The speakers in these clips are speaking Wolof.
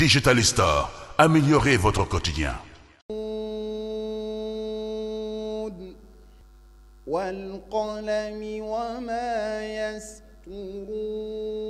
Digital Store, améliorez votre quotidien. والقلم وما يسطرون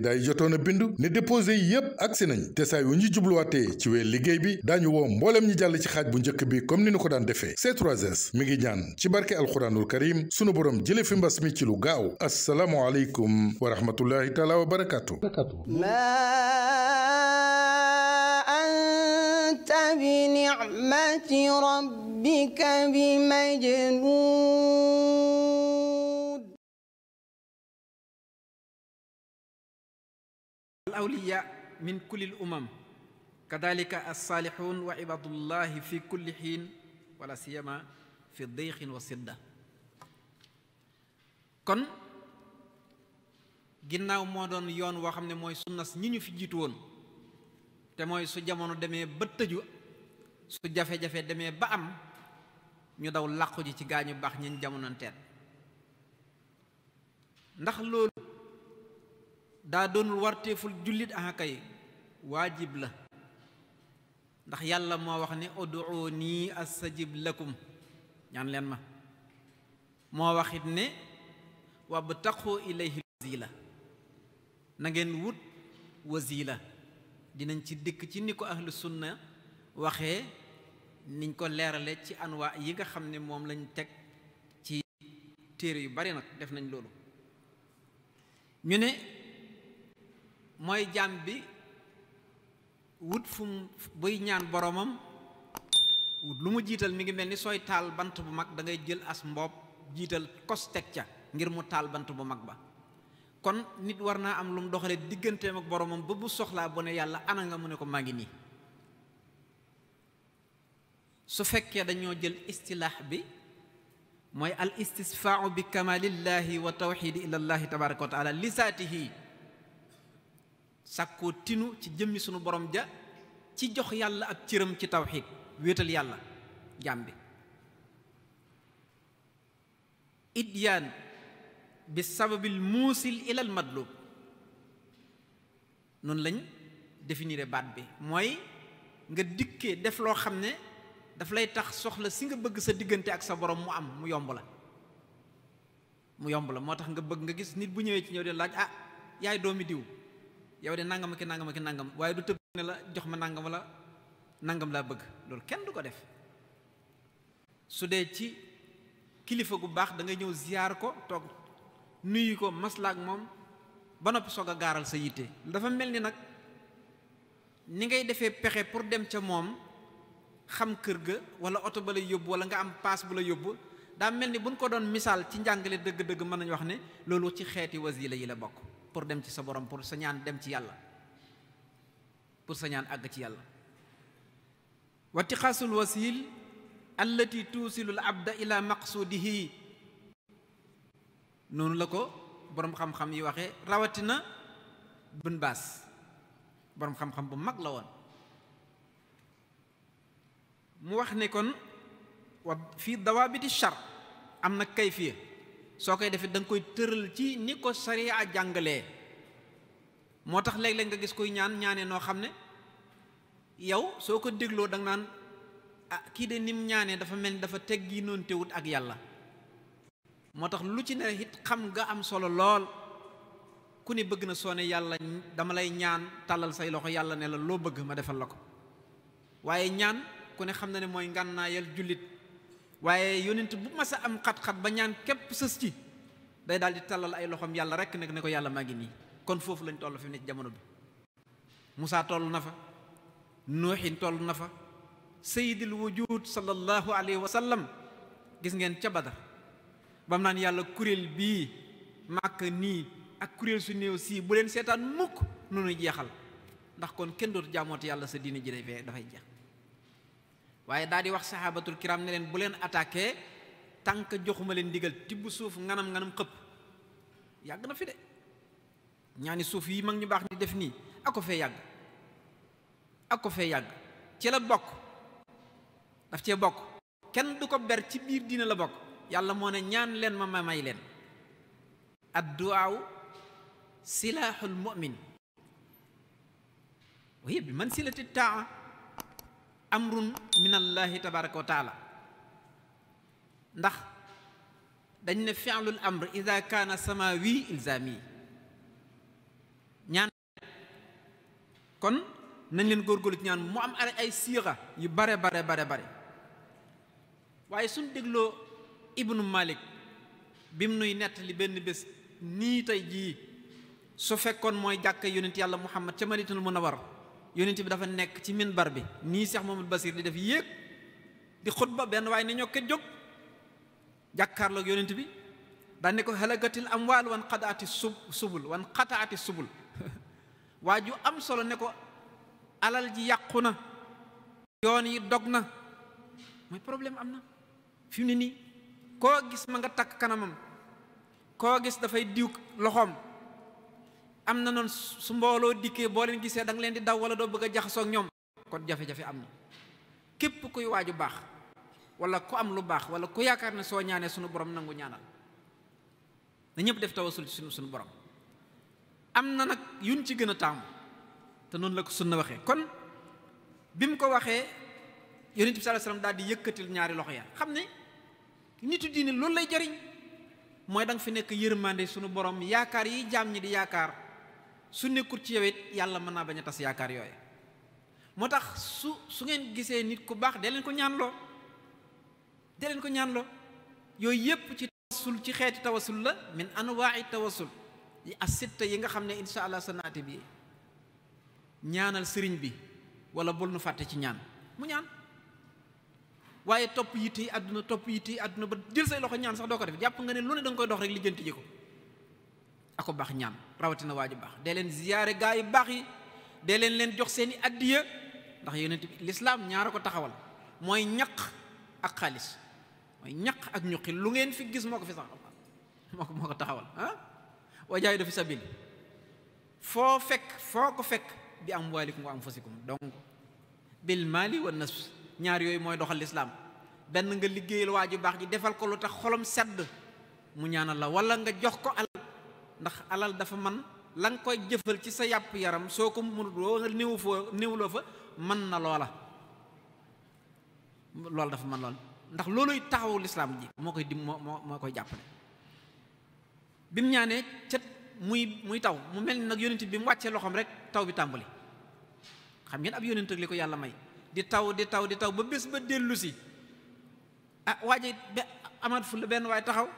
candidat yi jotoon a bindu ne déposé yi yépp agsi nañ te saa ñu jubluwaatee ci weer liggéey bi daañu woo mbooleem ñi jàll ci xaaj bu njëkk bi comme ni ñu ko daan defee C3S mi ngi ñaan ci barke alxuraanul karim sunu borom jële fi mbas mi ci lu gaaw assalaamu aleykum wa rahmatullahi taala wa barakaatu anta bi ni'mati rabbika bi majnun alawliya min kulli umam kadalika alsaalihun wa ibadullahi fi kulli xiin wala siyama fi xiin wa sidda kon ginnaaw moo doon yoon woo xam ne mooy sunnas ñi ñu fi jiitu woon te mooy su jamono demee ba tëju su jafe-jafe demee ba am ñu daw làqu ji ci gaañu baax ñañ jamononteel ndax loolu daa doonul warteeful jullit aha kay waajib la ndax yàlla moo wax ne ud'uuni astajib lakum ñaan leen ma moo waxit ne wabtaqu ilayhi wasila na ngeen wut wasila dinañ ci dikk ci ni ko ahlu sunna waxee niñ ko leerale ci anwaa yi nga xam ne moom lañ teg ci téere yu bari nag def nañ loolu ñu ne mooy jaam bi wut fu mu buy ñaan boromam lu mu jiital mi ngi mel ni sooy taal bant bu mag dangay jël as mboob jiital kos teg ca ngir mu taal bant bu mag ba kon nit war naa am lu mu doxale digganteem ak boromam ba bu soxlaa bu ne yàlla ana nga mu ne ko maa nii su fekkee dañoo jël istilaax bi mooy al istisfaau bi kamalillahi wa tawxidi ilallahi tabaraka wa taala lisaatihi sàkkoo tinu ci jëmmi sunu borom ja ci jox yàlla ak cëram ci tawxiid wéetal yàlla jaam bi idyaan bi sababil muusil ilal madlub noonu lañ définir baat bi mooy nga dikkee def loo xam ne daf lay tax soxla si nga bëgg sa diggante ak sa boroom mu am mu yomb la mu yomb la moo tax nga bëgg nga gis nit bu ñëwee ci ñëw di laaj ah yaay doomi diw yow de nangam ki nangam ki nangam waaye du tëb ne la jox ma nangam la nangam laa bëgg loolu kenn du ko def su dee ci kilifa gu baax da ngay ñëw ziyaar ko toog nuyu ko maslaak moom ba noppi soog a gaaral sa yitte dafa mel ni nag ni ngay defee pexe pour dem ca moom xam kër ga wala oto ba la yóbbu wala nga am paas bu la yóbbu daa mel ni buñ ko doon misaal ci njàngale dëgg-dëgg mën nañu wax ne loolu ci xeeti wasila yi la bokk pour dem ci sa borom pour sa ñaan dem ci yàlla pour sa ñaan àgg ci yàlla wati xaasul wasil allati tuusilul abda ila maqsudihi noonu la ko boroom xam-xam yi waxe rawatina bun baas boroom xam-xam bu mag la woon mu wax ne kon wa fii dawaabiti char am na kayfiya soo koy defee danga koy tëral ci ni ko sariya jàngale moo tax léeg-léeg nga gis koy ñaan ñaane noo xam ne yow soo ko dégloo da naan ah kii de nim ñaanee dafa mel ni dafa teggi noonu tewut ak yàlla moo tax lu ci ne xam nga am solo lool ku ne bëgg na soo ne yàlla dama lay ñaan tàllal say loxo yàlla ne la loo bëgg ma defal la ko waaye ñaan ku ne xam na ne mooy ngànnaayal jullit waaye yonent bu mas am xat-xat ba ñaan képp sës ci day daal di tàllal ay loxoom yàlla rek nag ne ko yàlla maa ngi nii kon foofu lañu toll fi mu ne ci jamono bi Moussa toll na fa Nuuxin toll na fa sayyidil wujud sallallahu alayhi wa sallam gis ngeen ca Badar bam naan yàlla kuréel bii màkk nii ak kuréel su néew sii bu leen seetaan mukk nu nuy jeexal ndax kon kenn dootu jaamoot yàlla sa diine ji dafay jeex waaye daal di wax saxaabatul kiram ne leen bu leen attaqué tànk joxuma leen digal tibb suuf nganam nganam xëpp yàgg na fi de ñaani suuf yi mag ñu baax ni def nii ak ko fee yàgg ak ko fee yàgg ci la bokk daf cee bokk kenn du ko ber ci biir dina la bokk yàlla moo ne ñaan leen ma ma may leen adduwaaw silaaxul mu'min wa hiya bi mansilati taa amrun minallahi tabaraka wa taala ndax dañ ne fi'lul amr ida kaana samawi ilzami ñaan kon nañ leen góorgóorlu ci ñaan mu am ay siixa yu bare bare bare bare waaye suñ dégloo ibnu malik mu nuy nettali benn bés nii tey jii su fekkoon mooy jàkk yonent yàlla muhammad ca a munawwar yonent bi dafa nekk ci minbar bi nii Cheikh Mamadou Basir di def yéeg di xutba benn waaye ne ñokke jóg jàkkaarloog yonent bi daan ne ko halakatil amwaal wan xataati sub subul wan xataati subul waa ju am solo ne ko alal ji yàqu na yoon yi dog na mooy problème am na fi mu ne nii koo gis ma nga takk kanamam koo gis dafay diw loxoom am na noonu su mbooloo dikkee boo leen gisee da nga leen di daw wala doo bëgg a jaxasoo ñoom kon jafe-jafe am na képp kuy waaju baax walla ku am lu baax wala ku yaakaar ne soo ñaanee suñu borom nangu ñaanal na def tawasul ci suñu borom am na nag yuñ ci gën a taamu te noonu la ko sunna waxee kon bi mu ko waxee yonent bi sallallahu daal di yëkkatil ñaari loxo ya xam ne nitu diine loolu lay jariñ mooy da nga fi nekk yërmande suñu borom yaakaar yi jaam ñi di yaakaar su nekkul ci yow yàlla mën naa bañ a tas yaakaar yooyu moo tax su su ngeen gisee nit ku baax dee leen ko ñaanloo dee leen ko ñaanloo yooyu yépp ci tawasul ci xeeti tawasul la min anwaai tawasul yi asitta yi nga xam ne insha allah sa naati bi ñaanal sëriñ bi wala bul nu fàtte ci ñaan mu ñaan waaye topp yitte yi àdduna topp yitte yi àdduna ba jël say loxo ñaan sax doo ko def jàpp nga ne lu ne da nga koy dox rek lijjanti ji ko ako baax ñaan rawatina waa ju baax dee leen ziyaare gaa yu baax yi dee leen leen jox seen i addiya ndax yonent bi lislaam ñaara ko taxawal mooy ñaq ak xaalis mooy ñaq ak ñuqi lu ngeen fi gis moo ko fi sax moo ko moo ko taxawal ah wajaay sa sabil foo fekk foo ko fekk bi am waalikum wa anfusikum donc bil mali wa na ñaar yooyu mooy doxal lislaam benn nga liggéeyal waa ju baax ji defal ko lu tax xolom sedd mu ñaanal la wala nga jox ko al ndax alal dafa man la nga koy jëfal ci sa yàpp yaram soo ko mënut woo niw foo niwloo fa man na loola loolu dafa mën lool ndax looluy taxawu lislaam ji moo koy dim moo moo koy jàppale bi mu ñaanee cët muy muy taw mu mel ni nag yónent bi mu wàccee loxoom rek taw bi tàmbali xam ngeen ab yónent ak li ko yàlla may di taw di taw di taw ba bés ba dellu si ah waaje ba amaat fu la benn waaye taxaw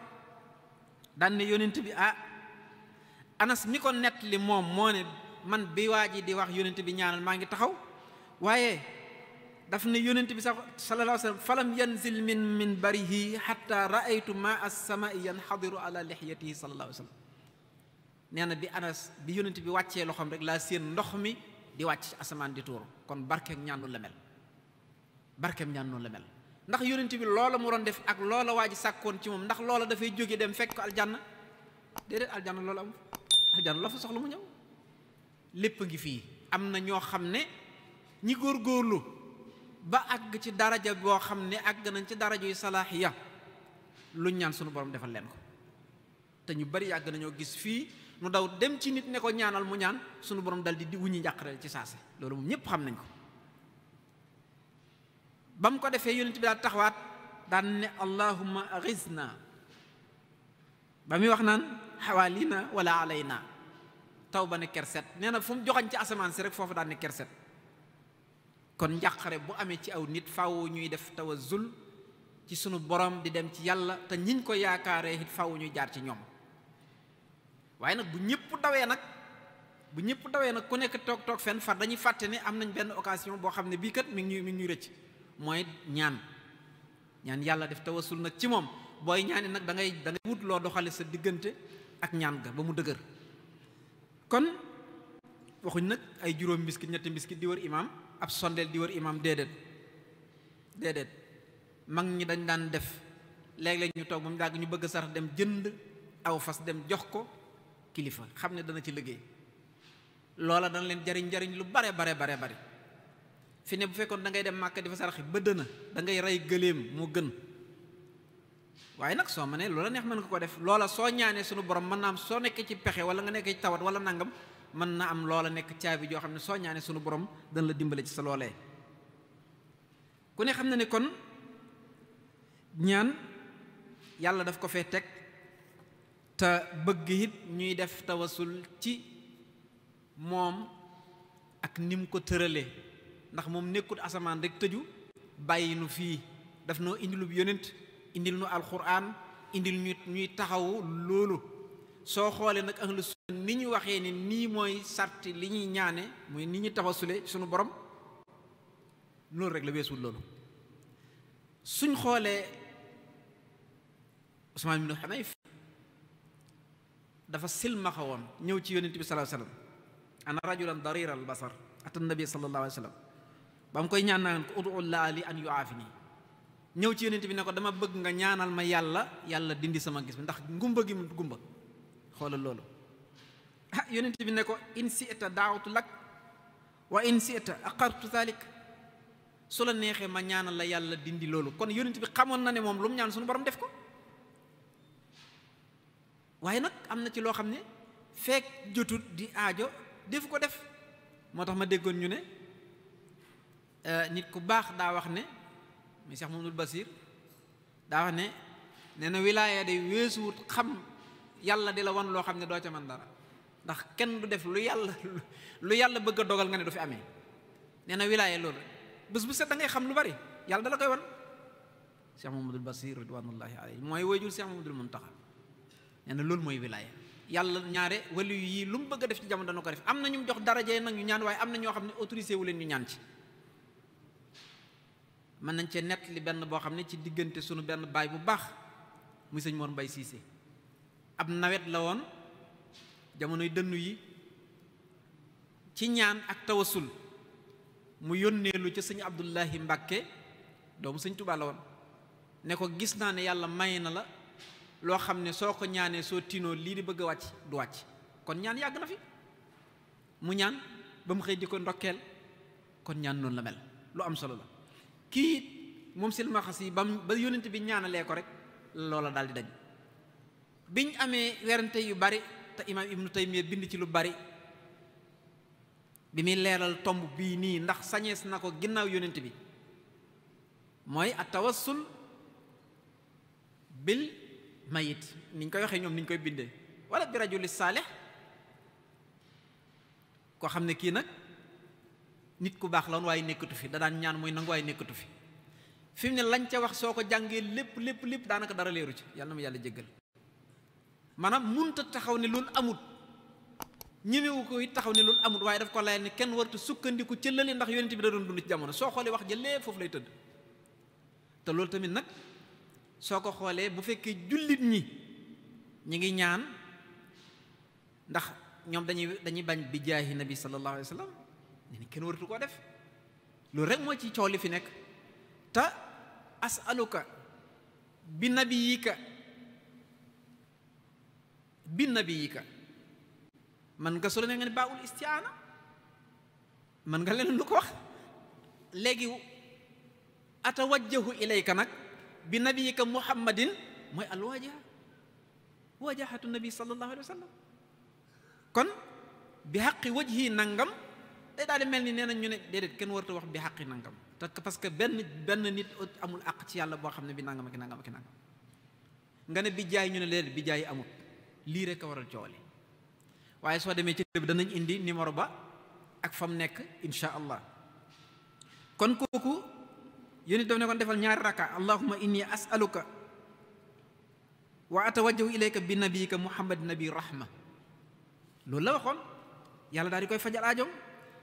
daan ne bi ah anas mi ko nett li moom moo ne man bi waa ji di wax yonent bi ñaanal maa ngi taxaw waaye daf ne yonent bi sax sallallahu alayhi wa sallam falam yanzil min min barihi xata raaytu sama yan yanxadiru ala lixiyatihi sallallahu alayhi wa sallam nee na bi anas bi yonent bi wàccee loxoom rek laa seen ndox mi di wàcc asamaan di tuuru kon barkeem ñaanu la mel barkeem ñaanu la mel ndax yonent bi loola mu doon def ak loola waa ji sàkkoon ci moom ndax loola dafay jóge dem fekk ko aljanna déedéet aljanna aljana la fa soxla mu ñëw lépp ngi fii am na ñoo xam ne ñi góorlu ba àgg ci daraja boo xam ne àgg nañ ci daraja salaax salaaxiya luñ ñaan sunu borom defal leen ko te ñu bari yàgg nañoo gis fii nu daw dem ci nit ne ko ñaanal mu ñaan sunu borom dal di di wuñu njàqare ci saase loolu moom ñépp xam nañ ko ba mu ko defee yonent bi daal taxawaat daal ne allahumma aghizna ba muy wax naan xawaalina wala naa taw ba ne kerset nee nag fu mu joxañ ci asamaan si rek foofu daan ne kerset kon njàqare bu amee ci aw nit faw ñuy def tawazzul ci sunu borom di dem ci yàlla te ñiñ ko yaakaaree it faaw ñuy jaar ci ñoom waaye nag bu ñëpp dawee nag bu ñëpp dawee nag ku nekk toog toog fenn far dañuy fàtte ni am nañ benn occasion boo xam ne bii kat mi ngi ñuy mi ngi ñuy rëcc mooy ñaan ñaan yàlla def tawasul nag ci moom booy ñaani nag dangay ngay da wut loo doxale sa diggante ak ñaan ga ba mu dëgër kon waxuñ nag ay juróom mbiskit ñetti mbiskit di wër imaam ab sondeel di wër imaam déedéet déedéet mag ñi dañ daan def léeg-léeg ñu toog ba mu yàgg ñu bëgg sarax dem jënd aw fas dem jox ko kilifa xam ne dana ci liggéey loola dana leen jariñ jariñ lu bare bare bare bare fi ne bu fekkoon da ngay dem màkk di fa saraxi bëdd na da ngay rey gëléem moo gën waaye nag soo mënee loola neex mën nga ko def loola soo ñaanee sunu borom mën na am soo nekkee ci pexe wala nga nekkee ci tawat wala nangam man naa am loola nekk caabi joo xam ne soo ñaanee sunu borom dana la dimbale ci sa loolee ku ne xam na ne kon ñaan yàlla daf ko fee teg te bëgg it ñuy def tawasul ci moom ak nim ko tëralee ndax moom nekkut asamaan rek tëju bàyyi nu fii daf noo indilu lu yonent indil nu alquran indil ñu ñuy taxaw loolu soo xoolee nag ahlu sunna ni ñu waxee ni nii mooy sart li ñuy ñaane mooy ni ñu tawasule suñu borom loolu rek la weesul loolu suñ xoolee Usmaan ibnu Xunayf dafa silmaxa woon ñëw ci yonent bi sallallahu alayhi wa sallam ana rajulan darir al basar ata nabi sallallahu alayhi wa sallam ba mu koy ñaan naan ko udu laa li an yuaafini ñëw ci yonent bi ne ko dama bëgg nga ñaanal ma yàlla yàlla dindi sama gis bi ndax ngumba gi mu gumba xoolal loolu ah yonent bi ne ko in si'ta daawatu lak wa in ak aqartu zalik su la neexee ma ñaanal la yàlla dindi loolu kon yonent bi xamoon na ne moom lu mu ñaan suñu borom def ko waaye nag am na ci loo xam ne fekk jotut di aajo def ko def moo tax ma déggoon ñu ne eh, nit ku baax daa wax ne mais Cheikh Mamadul Basir daa wax ne nee na wilaaya day weesuwut xam yàlla di la wan loo xam ne doo ca man dara ndax kenn du def lu yàlla lu yàlla bëgg a dogal nga ne du fi amee nee na wilaaya loolu bés bu set a ngay xam lu bari yàlla da la koy wan Cheikh Mamadul Basir ridwanullahi alayhi mooy wayjur Cheikh Mamadul Muntaxa nee na loolu mooy wilaaya yàlla ñaare waliyu yii lu mu bëgg a def ci jamono dana ko def am na ñu jox daraje nag ñu ñaan waaye am na ñoo xam ne autorisé wu leen ñu ñaan ci mën nañ cee nett li benn boo xam ne ci diggante sunu benn baay bu baax muy sëñ Mor Mbay Siise ab nawet la woon jamonoy dënnu yi ci ñaan ak tawasul mu yónneelu ca sëñ Abdullahi Mbàkke doomu sëñ tubaal la woon ne ko gis naa ne yàlla may na la loo xam ne soo ko ñaanee soo tinoo lii di bëgg a wàcc du wàcc kon ñaan yàgg na fi mu ñaan ba mu xëy di ko ndokkeel kon ñaan noonu la mel lu am solo la kii moom silmaxa si ba ba yónnent bi ñaanalee ko rek loola daal di dañ biñ amee werante yu bari te imaam ibnu taymiya bind ci lu bari bi muy leeral tomb bii nii ndax sañees na ko ginnaaw yónnent bi mooy at tawassul bil mayit niñ koy waxee ñoom niñ koy bindee wala bi rajuli saalih koo xam ne kii nag nit ku baax la waaye nekkatu fi da daan ñaan mooy nangu waaye nekkatu fi fi mu ne lañ ca wax soo ko jàngee lépp lépp lépp daanaka dara leeru ci yàlla na yàlla jéggal maanaam munta taxaw ne loolu amut ñemewu ko taxaw ne loolu amut waaye daf ko layal ne kenn wartu sukkandiku ca lële ndax yonent bi da doon dund ci jamono soo xoolee wax jëlee foofu lay tëdd te loolu tamit nag soo ko xoolee bu fekkee jullit ñi ñi ngi ñaan ndax ñoom dañuy dañuy bañ bi jaahi nabi sallallahu alayhi wa sallam ne ni kenn waratu koo def loolu rek mooy ci coow li fi nekk te asaluka bi nabiyika bi nabiyika man nga solo ne nga ne baawul istiaana man nga leen lu ko wax léegi atawajjahu ilayka nag bi nabiyika muhammadin mooy alwajaha wajahatu nabi sallallahu alayhi wa sallam kon bi xaqi wajhi nangam tey daal mel ni nee nañ ñu ne déedéet kenn warta wax bi xaqi nangam te parce que benn benn nit amul ak ci yàlla boo xam ne bi nangam ki nangam ak nangam nga ne bi jaay ñu ne déedéet bi jaay amut lii rek a waral coole waaye soo demee ci lépp danañ indi numéro ba ak fa mu nekk insha allah kon kooku yonit daf ne kon defal ñaari rakka allahumma inni asaluka wa atawajjahu ilayka bi nabiyika muhammad nabi rahma loolu la waxoon yàlla daal di koy fajal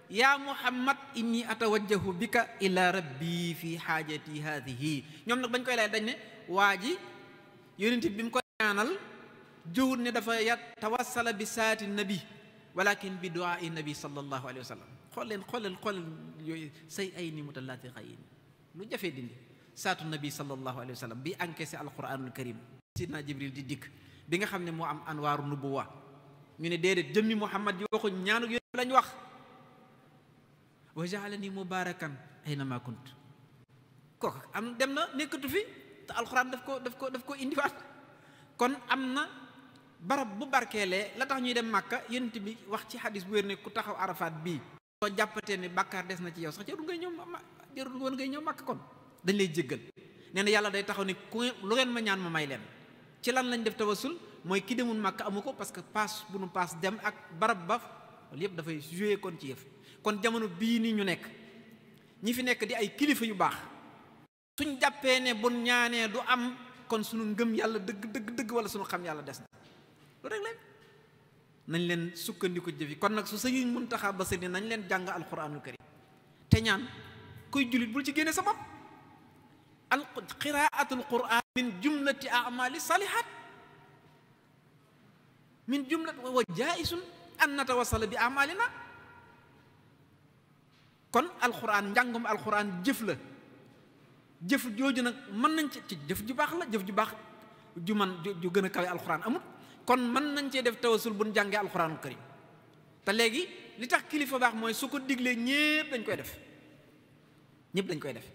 yaa muhammad inni atawajjahu bika ila rabbi fi xaajati haadihi ñoom nag bañ koy laaj dañ ne waa ji yonent bi mu ko ne dafa yat tawassala bi saati nabi walakin bi duaai nabi sallallahu alayhi wa sallam xool leen xool leen xool leen yooyu ay ni mutalaatiqayn lu jafee dindi saatu nabi sallallahu alayhi wa sallam bi encaissé alquranul karim sidna jibril di dikk bi nga xam ne moo am anwaaru nubuwa ñu ne de jëmmi muhammad yi waxuñ ñaanu yooyu lañ wax wa jaalani mubarakan aynama kunt kooku am dem na nekkatu fi te alxuraan daf ko daf ko daf ko indiwaat kon am na barab bu barkeelee la tax ñuy dem màkka yent bi wax ci xadis bu wér ne ku taxaw arafaat bii soo jàppatee ne bàkkaar des na ci yow sax jarul ngay ñëw jarul woon ngay ñëw màkk kon dañ lay jéggal nee na yàlla day taxaw ne ku lu ngeen ma ñaan ma may leen ci lan lañ def tawasul mooy ki demul màkk amu ko parce que paas bu nu paas dem ak barab ba loolu dafay joué kon ci yëf kon jamono bii nii ñu nekk ñi fi nekk di ay kilifa yu baax suñ jàppee ne bu ñaanee du am kon suñu ngëm yàlla dëgg dëgg dëgg wala suñu xam yàlla des na lu rek leen nañ leen sukkandiku jëf kon nag su sëriñ Muntaxa Basiir nañ leen jàng al alquranul karim te ñaan koy jullit bul ci génne sa bopp al qiraatul quran min jumlati amali salihat min jumlati wa jaisun an natawasala bi na kon alxuraan njàngum alxuraan jëf la jëf jooju nag mën nañ ci jëf ju baax la jëf ju baax ju man ju gën a kawe alxuraan amul kon mën nañ cee def tawasul bu ñu jàngee alxuraanul karim te léegi li tax kilifa baax mooy su ko diglee ñépp dañ koy def ñépp dañ koy def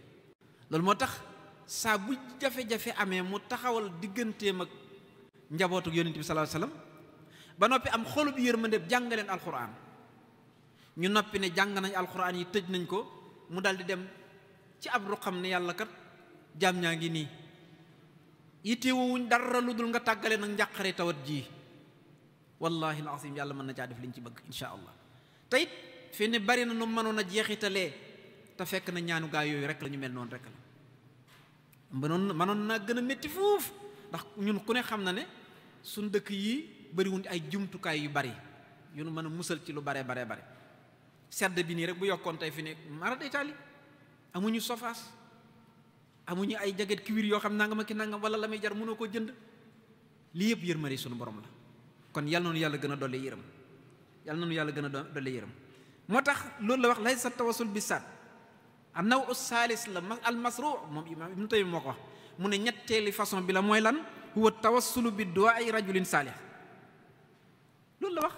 loolu moo tax saa bu jafe-jafe amee mu taxawal digganteem ak njabootu yonent bi sallallahu alayhi ba noppi am xolu bi yërmande jàngaleen alxuraan ñu noppi ne jàng nañ alxuraan yi tëj nañ ko mu dal di dem ci ab ruqam ne yàlla kat jaam ñaa ngi nii yittewuñ dara lu dul nga tàggale nag njàqare tawat ji wallahi alazim yàlla mën na caa def liñ ci bëgg insha allah teyit fi ne bari na nu mënoon a jeexitalee te fekk na ñaanu gaa yooyu rek lañu mel noonu rek la mënoon mënoon naa gën a métti fuuf ndax ñun ku ne xam na ne suñ dëkk yi bariwuñ ay jumtukaay yu bari yu nu mën a musal ci lu bare bare bare sedd bi nii rek bu yokkoon tey fi ne mara day taali amuñu sofaas amuñu ay jaget kiwir yoo xam nga ma ki nangam wala la muy jar munoo koo jënd lii yëpp yërmande sunu borom la kon yal noonu yàlla gën a dolli yërëm yal noonu yàlla gën a dolli yërëm moo tax loolu la wax lay sa tawasul bi saat annaw u saalis la al masru moom imaam ibnu taymi moo ko mu ne ñetteeli façon bi la mooy lan huwa tawassulu bi ay rajulin saalih loolu la wax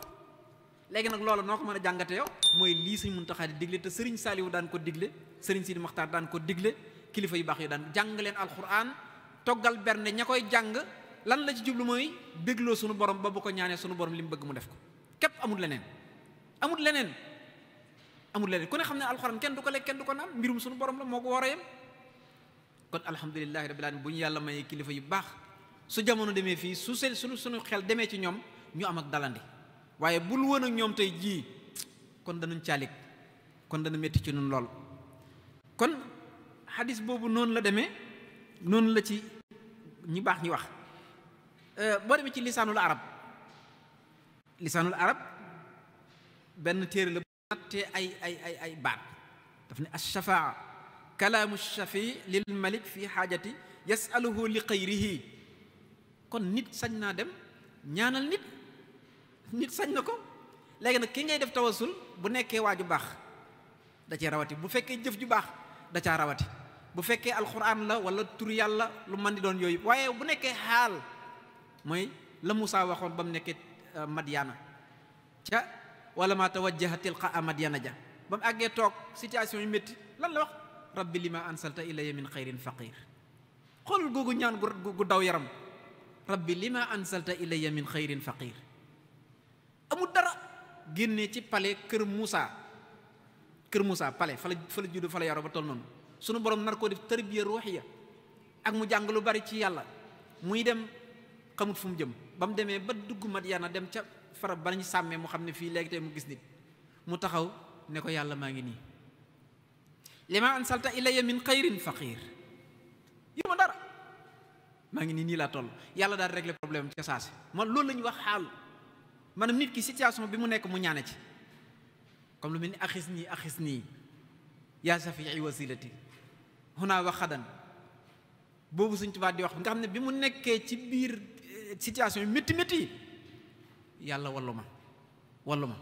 léegi nag loola noo ko mën a jàngate yow mooy lii sëñ Muntaxa di digle te sëriñ Saaliwu daan ko digle sëriñ Sidi Maxtaar daan ko digle kilifa yu baax yi daan jàng leen alxuraan toggal berne ña koy jàng lan la ci jublu mooy dégloo suñu borom ba bu ko ñaanee suñu borom li mu bëgg mu def ko képp amul leneen amul leneen amul leneen ku ne xam ne alxuraan kenn du ko lekk kenn du ko naan mbirum suñu borom la moo ko war a yem kon alhamdulilahi rabbil alamin yàlla mayee kilifa yu baax su jamono demee fii su seen sunu sunu xel demee ci ñoom ñu am ak dalandi waaye bul woon ñoom tey jii kon danañ caalik kon dana métti ci nun lool kon xadis boobu noonu la deme noonu la ci ñi baax ñi wax euh, boo demee ci lisaanul arab lisaanul arab benn téere la nattee ay ay ay ay baat daf ne alshafaa kalaamu shafii lil malik fi xaajati yasaluhu li xayrihi kon nit sañ naa dem ñaanal nit nit sañ na ko léegi nag ki ngay def tawasul bu nekkee waa ju baax da cee rawati bu fekkee jëf ju baax da caa rawati bu fekkee alxuraan la wala tur yàlla lu mën di doon yooyu waaye bu nekkee xaal mooy la Moussa waxoon ba mu nekkee euh, Madiana ca wala maa tawajjaha tilqaa Madiana ja ba mu àggee toog situation yu métti lan la wax rabbi lima ansalta ilayya min xayrin faqir xoolul googu ñaan gu daw yaram rabbi lima ansalta ilayya min xayrin faqir amul dara génne ci pale kër muusa kër Moussa pale fa la fa la juddoo fa la yaroo ba toll noonu sunu borom nar koo def tarbiya ya ak mu jàng lu bari ci yàlla muy dem xamut fu mu jëm ba mu demee ba dugg Madyana dem ca fara ba ñu sàmmee mu xam ne fii léegi tey mu gis nit mu taxaw ne ko yàlla maa ngi nii lima ansalta ilayya min xayrin faqir yow ma dara maa ngi nii nii laa toll yàlla daal régler problème am ca saasi man loolu la wax xaalu maanaam nit ki situation bi mu nekk mu ñaane ci comme lu mel ni axis nii axis nii yaa safii wasilati xunaa wax xadan boobu suñ tubaab di wax nga xam ne bi mu nekkee ci biir eh, situation yu métti métti yàlla wallu ma wallu ma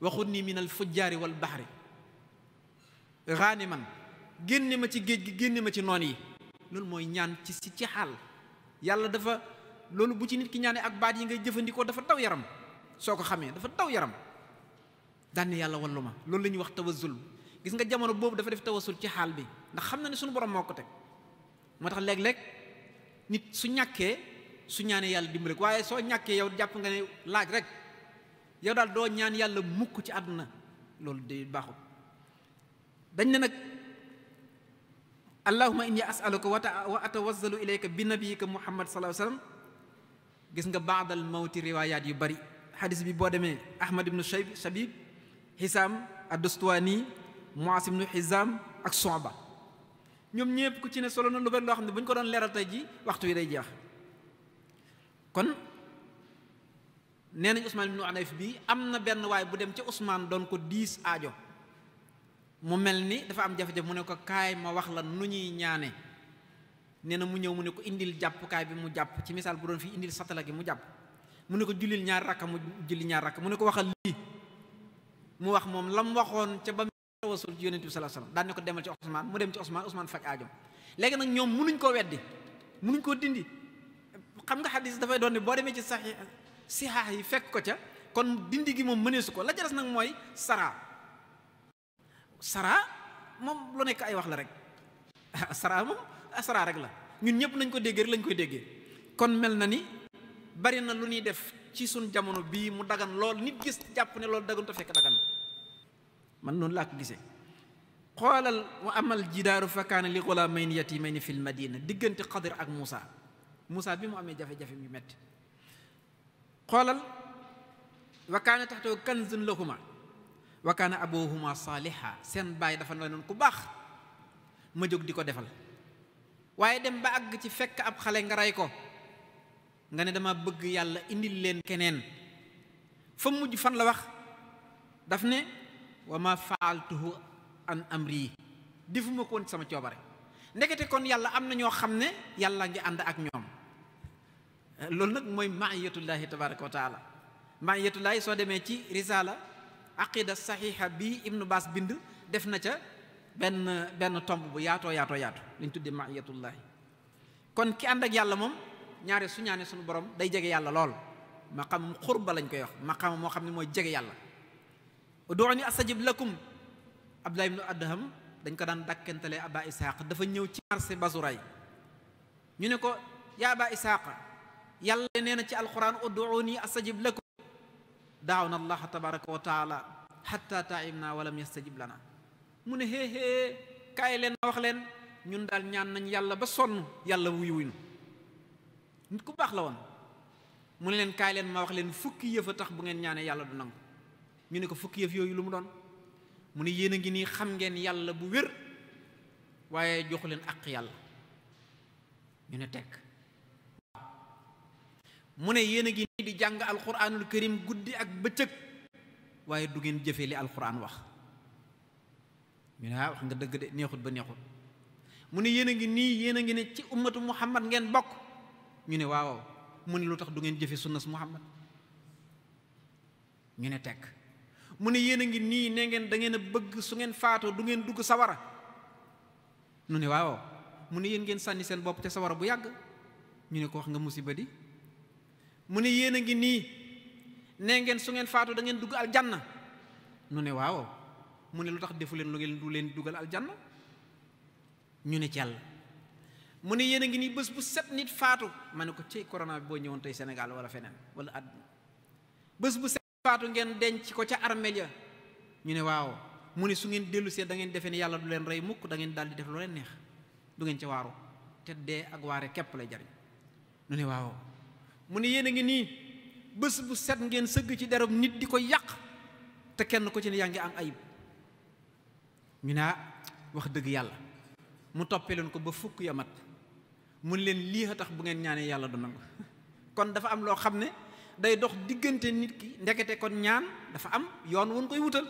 waxut nii min al fujjaari wal baxri raani man génne ma ci géej gi génne ma ci noon yi loolu mooy ñaan ci si ci xaal yàlla dafa loolu bu ci nit ki ñaanee ak baat yi ngay jëfandikoo dafa taw yaram soo ko xamee dafa taw yaram daan yàlla wallu ma loolu la ñuy wax tawasul gis nga jamono boobu dafa def tawasul ci xaal bi ndax xam na ne suñu borom moo ko teg moo tax léeg-léeg nit su ñàkkee su ñaanee yàlla dimbali ko waaye soo ñàkkee yow jàpp nga ne laaj rek yow daal doo ñaan yàlla mukk ci àdduna loolu day baaxul dañ ne nag allahuma inni asaluka wa atawassalu ilayka bi nabiyika muhammad sallallahu alayhi wa sallam gis nga baadal mawti riwaayaat yu bari xadis bi boo demee ahmad ibnu shayb shabib hisaam ad-Dustawaani Muaas ibnu Hizaam ak son ba ñoom ñëpp ku ci ne solo na lu bëri loo xam ne bu ñu ko doon leeral ji waxtu wi day jeex kon nee nañ Usmaan ibnu Hanayf bi am na benn waay bu dem ca Usmaan doon ko diis aajo mu mel ni dafa am jafe-jafe mu ne ko kaay ma wax la nu ñuy ñaane nee na mu ñëw mu ne ko indil jàppukaay bi mu jàpp ci misaal bu doon fii indil satala gi mu jàpp mu ne ko jullil ñaar rakka mu julli ñaar rakka mu ne ko waxal lii mu wax moom lam waxoon ca ba mu tawasul ci yonent daan ne ko demal ci Ousmane mu dem ci Ousmane Ousmane faj aajom léegi nag ñoom mu munuñ ko weddi munuñ koo dindi xam nga xadis dafay doon ne boo demee ci saxi sixaax yi fekk ko ca kon dindi gi moom mëneesu ko la ca des nag mooy sara sara moom lu nekk ay wax la rek sara moom sara rek la ñun ñëpp nañ ko déggee rek lañ koy déggee kon mel na ni bari na lu ñuy def ci suñ jamono bii mu dagan lool nit gis jàpp ne loolu dagan te fekk dagan man noonu laa ko gisee xoolal wa amal jidaaru fa kaana li gulaamayni yatiimayni fil madina diggante xadir ak Moussa Moussa bi mu amee jafe-jafe bi metti xoolal wa kaana taxtahu kanzun lahuma wa kaana aboohuma saaliha seen baay dafa ne noonu ku baax ma jóg di ko defal waaye dem ba àgg ci fekk ab xale nga rey ko nga ne dama bëgg yàlla indil leen keneen fa mujj fan la wax daf ne wa ma faaltuhu an amri defuma ko woon sama coobare ndekete kon yàlla am na ñoo xam ne yàlla ngi ànd ak ñoom loolu nag mooy maayatullahi tabaraka wa taala maayatullahi soo demee ci risala aqida saxiixa bi ibnu baas bind def na ca benn benn tomb bu yaatoo yaatoo yaatu liñ tuddee maayatullahi kon ki ànd ak yàlla moom ñaare su ñaane suñu borom day jege yàlla lool maqaamam xurba lañ koy wax maqaama moo xam ne mooy jege yàlla ud'uuni astajib lakum Abdullah ibnu Adham dañ ko daan dàkkentale Aba Isaaq dafa ñëw ci marché Bazuray ñu ne ko yaa Aba Isaaq nee na ci alquran ud'uuni astajib lakum daaw na allah tabaraka wa taala naa walam yastajib lana mu ne xéexée kaay leen wax leen ñun daal ñaan nañ yàlla ba sonn yàlla wuyu wuñu nit ku baax la woon mu ne leen kaay leen ma wax leen fukki yëf a tax bu ngeen ñaanee yàlla du nangu ñu ne ko fukki yëf yooyu lu mu doon mu ne yéen a ngi nii xam ngeen yàlla bu wér joxu leen àq yàlla ñu ne mu ne yéen a ngi nii di jàng alquranul karim guddi ak bëccëg waaye du ngeen jëfee li alquran wax ñu ne ah wax nga dëgg de neexut ba neexut mu ne yéen a ngi nii yéen a ngi ne ci ummatu muhammad ngeen bokk ñu ne waaw mu ne lu tax du ngeen jëfe sunnas muhammad ñu ne tekk mu ne yéen a ngi nii ne ngeen da ngeen bëgg su ngeen faatoo du ngeen dugg sawara ñu ne waaw mu ne yéen ngeen sànni seen bopp te sawara bu yàgg ñu ne ko wax nga musiba di mu ne yéen a ngi nii ne ngeen su ngeen faatoo da ngeen dugg aljanna ñu ne waaw mu ne lu tax defu leen lu ngeen du leen dugal aljanna ñu ne ci mu ne yéen a ngi nii bés bu set nit faatu ma ne ko ci corona bi boo ñëwoon tey Sénégal wala feneen wala àdduna bés bu set ngeen denc ko ca armeel ya ñu ne waaw mu ne su ngeen dellu see da ngeen ne yàlla du leen rey mukk dangeen ngeen di def lu leen neex du ngeen ca waaru te dee ak waare képp lay jariñ ñu ne waaw mu ne yéen a ngi nii bés bu set ngeen sëgg ci derub nit di ko yàq te kenn ko ci ne yaa ngi am ayib ñu ne ah, wax dëgg yàlla mu toppee leen ko ba fukk ya mun leen lii a tax bu ngeen ñaanee yàlla du nangu kon dafa am loo xam ne day dox diggante nit ki ndekete kon ñaan dafa am yoon wun koy wutal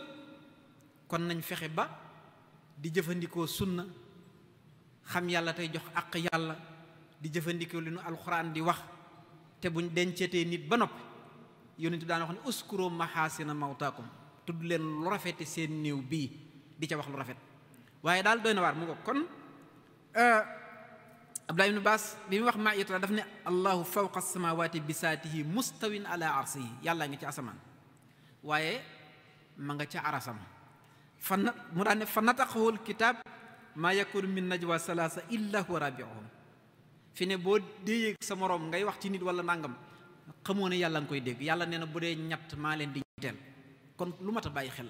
kon nañ fexe ba di jëfandikoo sunna xam yàlla tey jox àq yàlla di jëfandikoo li nu alxuraan di wax te buñ dencetee nit ba nopp yonent bi daan wax ne uskuro maxaasina mawtaakum tudd leen lu rafete seen néew bii di ca wax lu rafet waaye daal doy na mu ko kon euh, Abdullah ibn Baas bi mu wax maa la daf ne allahu fawqa samawati bisaatihi mustawin ala arsihi yàllaa nga ci asamaan waaye ma nga ca arasam fan mu daan ne fa nataqahul kitaab maa yakun min najwa salaasa illa huwa rabiuhum fi ne boo dee yéeg sa moroom ngay wax ci nit wala ndàngam xamoo ne yàlla nga koy dégg yàlla nee na bu dee ñett maa leen di ñetteel kon lu mat a bàyyi xel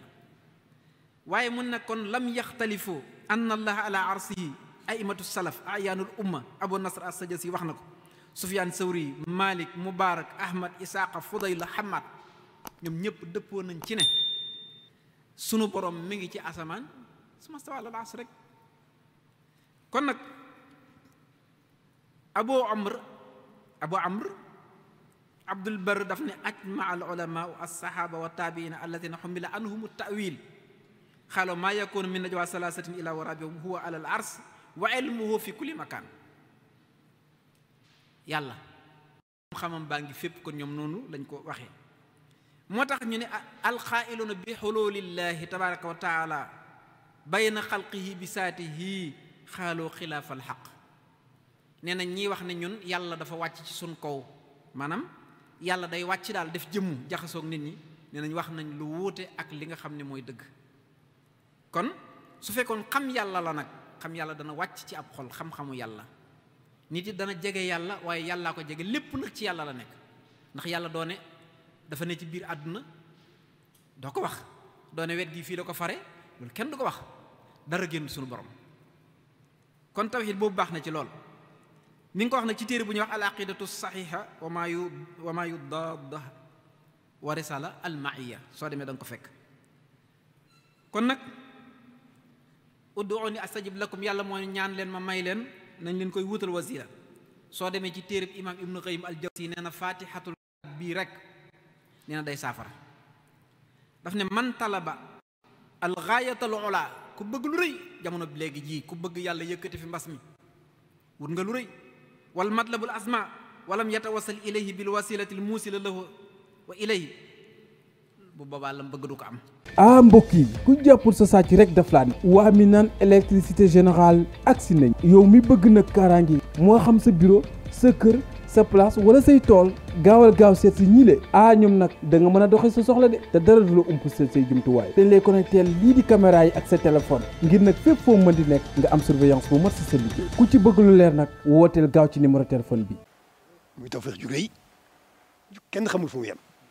waaye mun na kon lam yaxtalifu anna allaha ala arsihi aimatu salaf ayaanul umma abu nasr as-sajasi wax na ko sufyaan sawri malik mubaarak ahmad isaaqa fudayla hamad ñoom ñëpp dëppoo nañ ci ne sunu borom mi ngi ci asamaan su ma stawaa lalaas rek kon nag abu amr abu amr abdul bar daf ne ajmaa al ulamaa alsaxaaba wa taabiina alladina xumila anhum tawil xaaloo maa yakunu min najwa salaasatin ila warabihum huwa ala ars wa mu fi kulli makaan yàlla xam-xamam baa ngi fépp kon ñoom noonu lañ ko waxee moo tax ñu ne alxaailuna bi xululillahi tabaraka wa taala bayna xalqihi bi saatihi xaaloo xilaafa xaq ne nañ ñiy wax ne ñun yàlla dafa wàcc ci sun kaw maanaam yàlla day wàcc daal def jëmm jaxasoog nit ñi ne nañ wax nañ lu wuute ak li nga xam ne mooy dëgg kon su fekkoon xam yàlla la nag xam yàlla dana wàcc ci ab xol xam-xamu yàlla nit yi dana jege yàlla waaye yàllaa ko jege lépp nag ci yàlla la nekk ndax yàlla doone dafa ne ci biir àdduna doo ko wax doone wet gi fii la ko fare loolu kenn du ko wax dara génn sunu borom kon tawxiid boobu baax na ci lool mi ngi ko wax nag ci téere bu ñuy wax al aqidatu saxiixa wa maa yu wa maa yu daadda wa risala al maaiya soo demee da ko fekk kon nag udduuni astajib lakum yàlla moo ñaan leen ma may leen nañ leen koy wutal wasila soo demee ci téereb imaam ibnu qayyim al jawzi nee na faatixatul bii rek nee day saafara daf ne man talaba al gaayatal ola ku bëgg lu rëy jamono bi léegi jii ku bëgg yàlla yëkkati fi mbas mi wut nga lu rëy wal matlabul asma walam yatawasal ilayhi bil wasilati al muusila lahu wa ilayhi bu boobaa la mu bëgg du ko am. ah mbokk yi ku jàppul sa sàcc rek daf laa ne. waa mi naan électricité générale si nañ. yow mi bëgg nag kaaraange moo xam sa bureau sa kër sa place wala say tool gaawal gaaw seet si ñii le ah ñoom nag danga mën a doxee sa soxla de te dara du la umpaseel say jumtuwaay. dañ lay connecté lii di caméra yi ak sa téléphone ngir nag fépp foo mën di nekk nga am surveillance bu mat si sa liggéey ku ci bëgg lu leer nag wooteel gaaw ci numéro téléphone bi. muy Tawfekh ju xamul fu mu